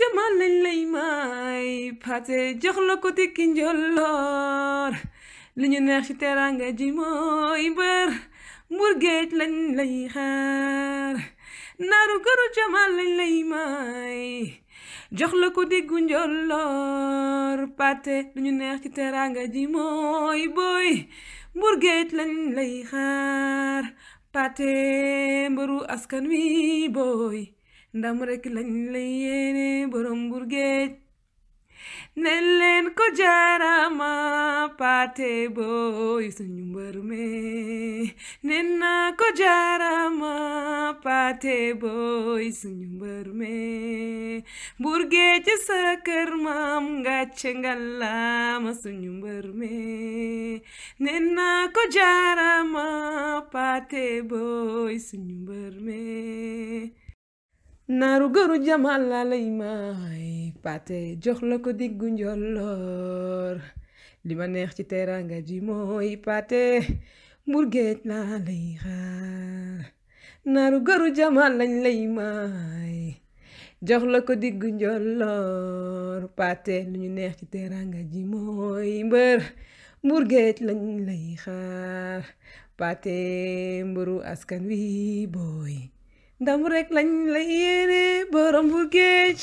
jaman lañ lay may pate jox la ko tekki njolloor li ñu neex ci teraanga ji mooy bër mbur géej lay xaar naaru këru jaman lañ lay may jox la ko diggu njolloor pate lu ñu neex ci teraanga ji mooy boy mbur géej lañ lay xaar pate mbëru askan wi boy ndam rek lañ la yéene borom bur géej ne ko jaarama paate booy suñu mbër me ne naa ko jaarama paate booy suñu mbër me bur géej sa kër maam ngàcce ngalaama suñu mbër me ne naa ko jaarama paate booy suñu mbër me naaru góoru jamal laa lay may pate jox la ko diggu njolloor li ma neex ci teraanga ji mooy pate mburgeej laa lay xaar lañ lay may jox la ko diggu njolloor pate lu ñu neex ci teraanga ji mooy mbër mburgeej lañ lay xaar pate mburu askan wi booy ndam rek lañ la yéene borom bu géej